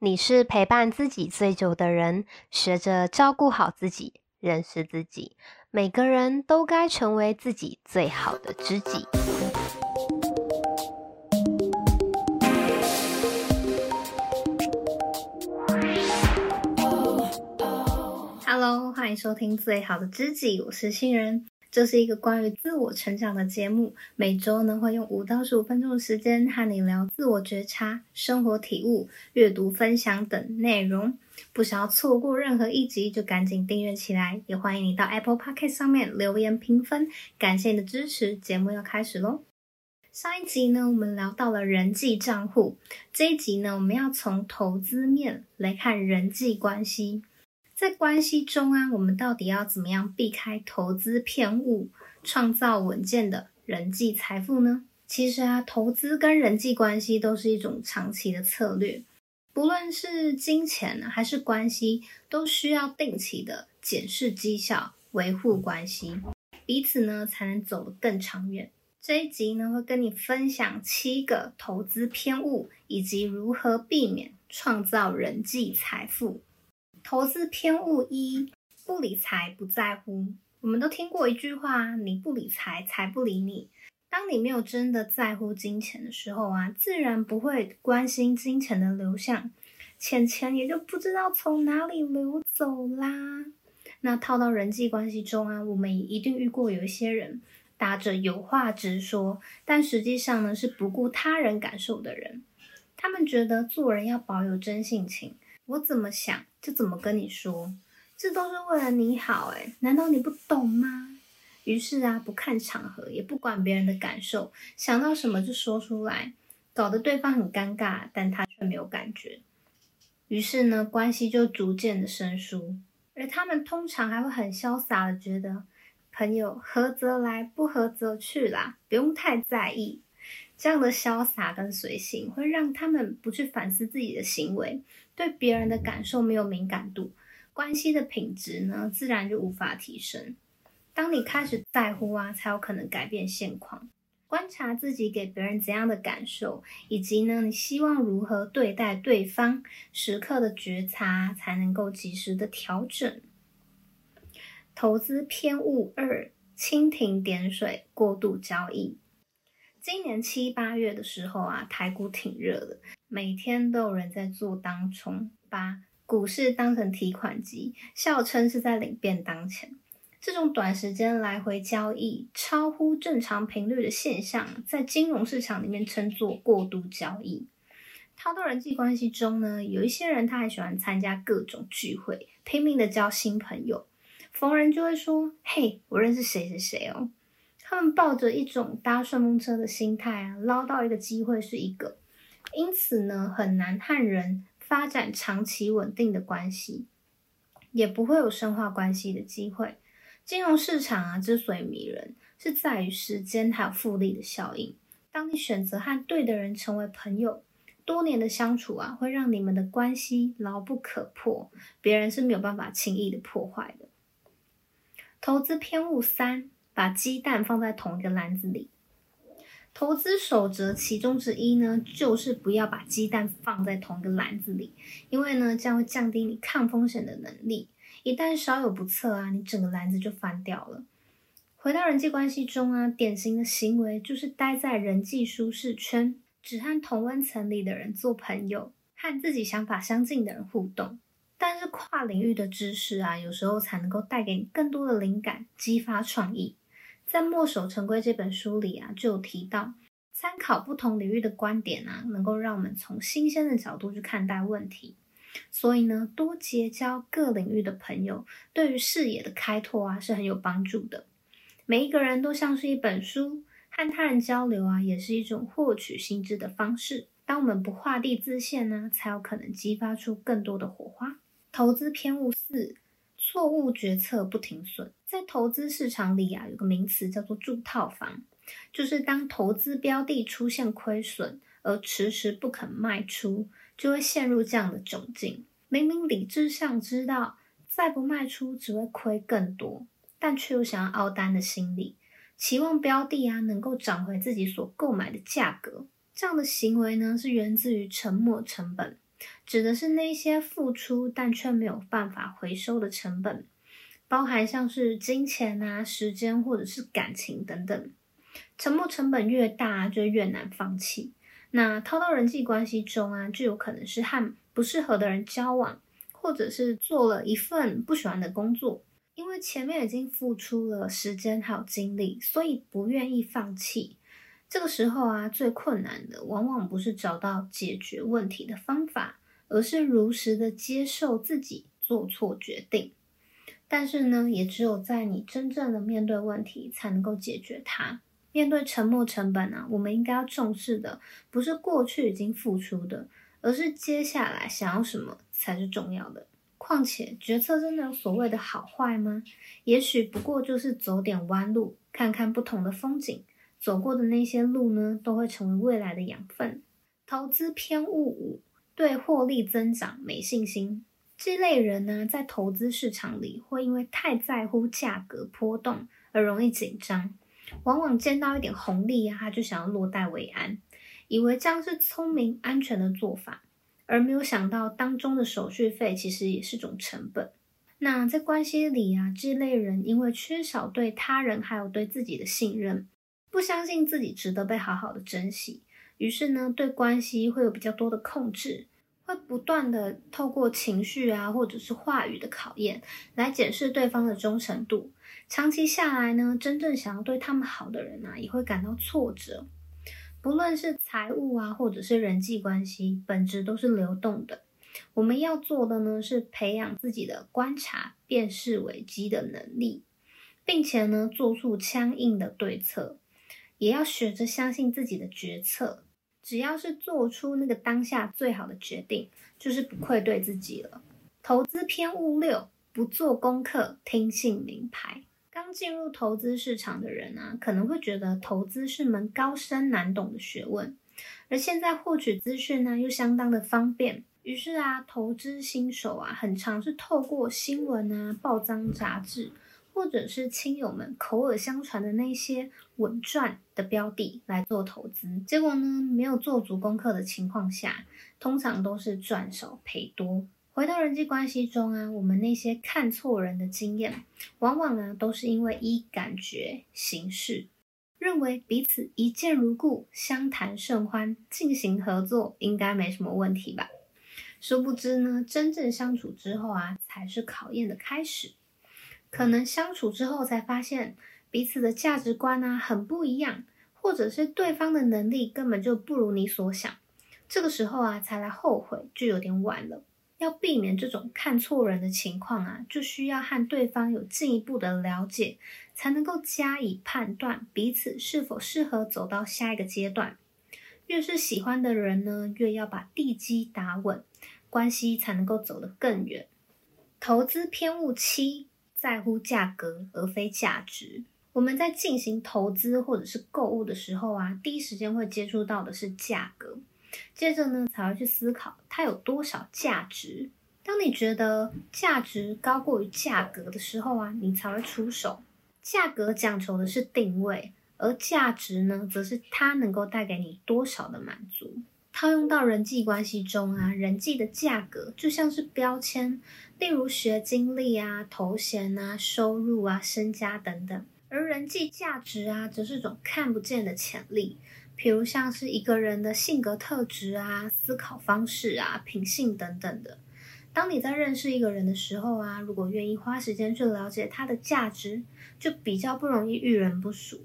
你是陪伴自己最久的人，學着照顧好自己，認識自己。每個人都該成為自己最好的知己。Hello，歡迎收聽《最好的知己》，我是新人。這是一個關於自我成長的節目，每周呢會用五到十五分鐘的時間和你聊自我覺察、生活體悟、閱讀分享等內容。不想要錯過任何一集，就趕緊訂閱起來。也歡迎你到 Apple Podcast 上面留言評分，感謝你的支持。節目要開始嘍。上一集呢，我們聊到了人際賬戶，這一集呢，我們要從投資面來看人際關係。在關係中啊，我們到底要怎麼樣避開投資偏誤，創造穩健的人際財富呢？其實啊，投資跟人際關係都是一種長期的策略，不論是金錢啊，還是關係，都需要定期的檢視績效，維護關係，彼此呢才能走得更長遠。這一集呢，會跟你分享七個投資偏誤，以及如何避免創造人際財富。投資偏誤一：不理財不在乎。我們都聽過一句話：“你不理財，財不理你。”當你沒有真的在乎金錢的時候啊，自然不會關心金錢的流向，錢錢也就不知道從哪裡流走啦。那套到人際關係中啊，我們也一定遇過有一些人，打着有話直說，但實際上呢，是不顧他人感受的人。他們覺得做人要保有真性情。我怎麼想就怎麼跟你說，這都是為了你好哎，難道你不懂嗎？於是啊，不看場合，也不管別人的感受，想到什麼就說出來，搞得對方很尷尬，但他卻沒有感覺。於是呢，關係就逐漸的生疏。而他們通常還會很瀟灑的覺得，朋友合則來，不合則去啦，不用太在意。這樣的瀟灑跟隨性，會讓他們不去反思自己的行為。對別人的感受沒有敏感度，關係的品質呢，自然就無法提升。當你開始在乎啊，才有可能改變現況。觀察自己給別人怎樣的感受，以及呢，你希望如何對待對方，時刻的覺察，才能夠及時的調整。投資偏誤二：蜻蜓點水，過度交易。今年七八月的時候啊，台股挺熱的，每天都有人在做當沖，把股市當成提款機，笑稱是在領便當錢。這種短時間來回交易，超乎正常頻率的現象，在金融市場裡面稱作過度交易。套到人際關係中呢，有一些人他還喜歡參加各種聚會，拼命的交新朋友，逢人就會說：“嘿，我認識誰誰誰哦。”他們抱着一種搭順風車的心態啊，撈到一個機會是一個，因此呢，很難和人發展長期穩定的關係，也不會有深化關係的機會。金融市場啊，之所以迷人，是在於時間還有複利的效應。當你選擇和對的人成為朋友，多年的相處啊，會讓你們的關係牢不可破，別人是沒有辦法輕易的破壞的。投資偏誤三。把雞蛋放在同一個籃子裡，投資守則其中之一呢，就是不要把雞蛋放在同一個籃子裡，因為呢，這樣會降低你抗風險的能力，一旦稍有不測啊，你整個籃子就翻掉了。回到人際關係中啊，典型的行為就是待在人際舒適圈，只和同溫層裡的人做朋友，和自己想法相近的人互動，但是跨領域的知識啊，有時候才能夠帶給你更多的靈感，激發創意。在《墨守成規》這本書裡啊，就有提到，參考不同領域的觀點呢、啊，能夠讓我們從新鮮的角度去看待問題。所以呢，多結交各領域的朋友，對於視野的開拓啊，是很有幫助的。每一個人都像是一本書，和他人交流啊，也是一種獲取新知的方式。當我們不畫地自限呢，才有可能激發出更多的火花。投資偏誤四。錯誤決策不停損，在投資市場裡啊，有個名詞叫做“住套房”，就是當投資標的出現虧損而遲遲不肯賣出，就會陷入這樣的窘境。明明理智上知道再不賣出只會虧更多，但却又想要凹單的心理，期望標的啊能夠漲回自己所購買的價格。這樣的行為呢，是源自於沉沒成本。指的是那些付出但卻沒有辦法回收的成本，包含像是金錢啊、時間或者是感情等等。沉沒成本越大啊，就越難放棄。那掏到人際關係中啊，就有可能是和不適合的人交往，或者是做了一份不喜歡的工作，因為前面已經付出了時間還有精力，所以不願意放棄。這個時候啊，最困難的往往不是找到解決問題的方法，而是如實的接受自己做錯決定，但是呢，也只有在你真正的面對問題，才能夠解決它。面對沉沒成本呢、啊，我們應該要重視的，不是過去已經付出的，而是接下來想要什麼才是重要的。況且，決策真的有所謂的好壞嗎？也許不過就是走點彎路，看看不同的風景。走過的那些路呢，都會成為未來的養分。投資偏誤五。對獲利增長沒信心。這類人呢，在投資市場裡會因為太在乎價格波動而容易緊張，往往見到一點紅利啊，他就想要落袋為安，以為這樣是聰明安全的做法，而沒有想到當中的手續費其實也是種成本。那在關係裡啊，這類人因為缺少對他人還有對自己的信任，不相信自己值得被好好的珍惜。於是呢，對關係會有比較多的控制，會不斷的透過情緒啊，或者是話語的考驗，來檢視對方的忠誠度。長期下來呢，真正想要對他們好的人啊，也會感到挫折。不論是財務啊，或者是人際關係，本質都是流動的。我們要做的呢，是培養自己的觀察、辨識危機的能力，並且呢，做出相應的對策，也要學着相信自己的決策。只要是做出那個當下最好的決定，就是不愧對自己了。投資偏誤六，不做功課，聽信名牌。剛進入投資市場的人啊，可能會覺得投資是門高深難懂的學問，而現在獲取資訊呢又相當的方便，於是啊，投資新手啊，很常是透過新聞啊、報章、雜誌。或者是親友們口耳相傳的那些穩賺的標的來做投資。結果呢，沒有做足功課的情況下，通常都是賺少賠多。回到人際關係中啊，我們那些看錯人的經驗，往往呢、啊、都是因為依感覺行事，認為彼此一見如故，相談甚歡，進行合作應該沒什麼問題吧？殊不知呢，真正相處之後啊，才是考驗的開始。可能相處之後才發現彼此的價值觀啊很不一樣，或者是對方的能力根本就不如你所想，這個時候啊才來後悔就有點晚了。要避免這種看錯人的情況啊，就需要和對方有進一步的了解，才能夠加以判斷彼此是否適合走到下一個階段。越是喜歡的人呢，越要把地基打穩，關係才能夠走得更遠。投資偏誤七。在乎價格而非價值。我們在進行投資或者是購物的時候啊，第一時間會接觸到的是價格，接着呢才會去思考它有多少價值。當你覺得價值高過於價格的時候啊，你才會出手。價格講求的是定位，而價值呢，則是它能夠帶給你多少的滿足。套用到人際關係中啊，人際的價格就像是標籤，例如學經歷啊、頭銜啊、收入啊、身家等等；而人際價值啊，則是種看不見的潛力，譬如像是一個人的性格特質啊、思考方式啊、品性等等的。當你在認識一個人的時候啊，如果願意花時間去了解他的價值，就比較不容易遇人不淑。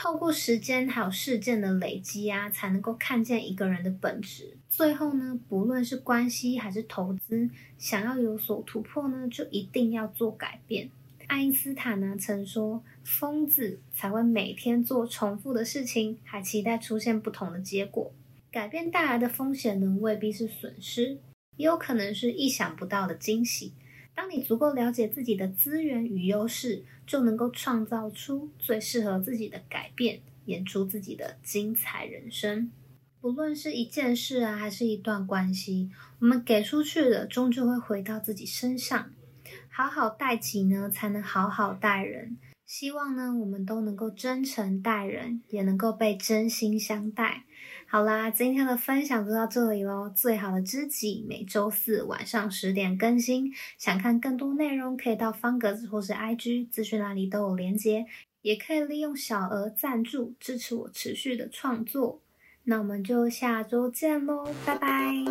透過時間還有事件的累積啊，才能夠看見一個人的本質。最後呢，不論是關係還是投資，想要有所突破呢，就一定要做改變。愛因斯坦呢，曾說：“瘋子才會每天做重複的事情，還期待出現不同的結果。改變帶來的風險呢，未必是損失，也有可能是意想不到的驚喜。”當你足夠了解自己的資源與優勢，就能夠創造出最適合自己的改變，演出自己的精彩人生。不論是一件事啊，還是一段關係，我們給出去的終究會回到自己身上。好好待己呢，才能好好待人。希望呢，我們都能夠真誠待人，也能夠被真心相待。好啦，今天的分享就到這裡嘍。最好的知己每周四晚上十點更新，想看更多內容，可以到方格子或是 IG 資訊，那裡都有連接。也可以利用小額贊助支持我持續的創作。那我們就下周見嘍，拜拜。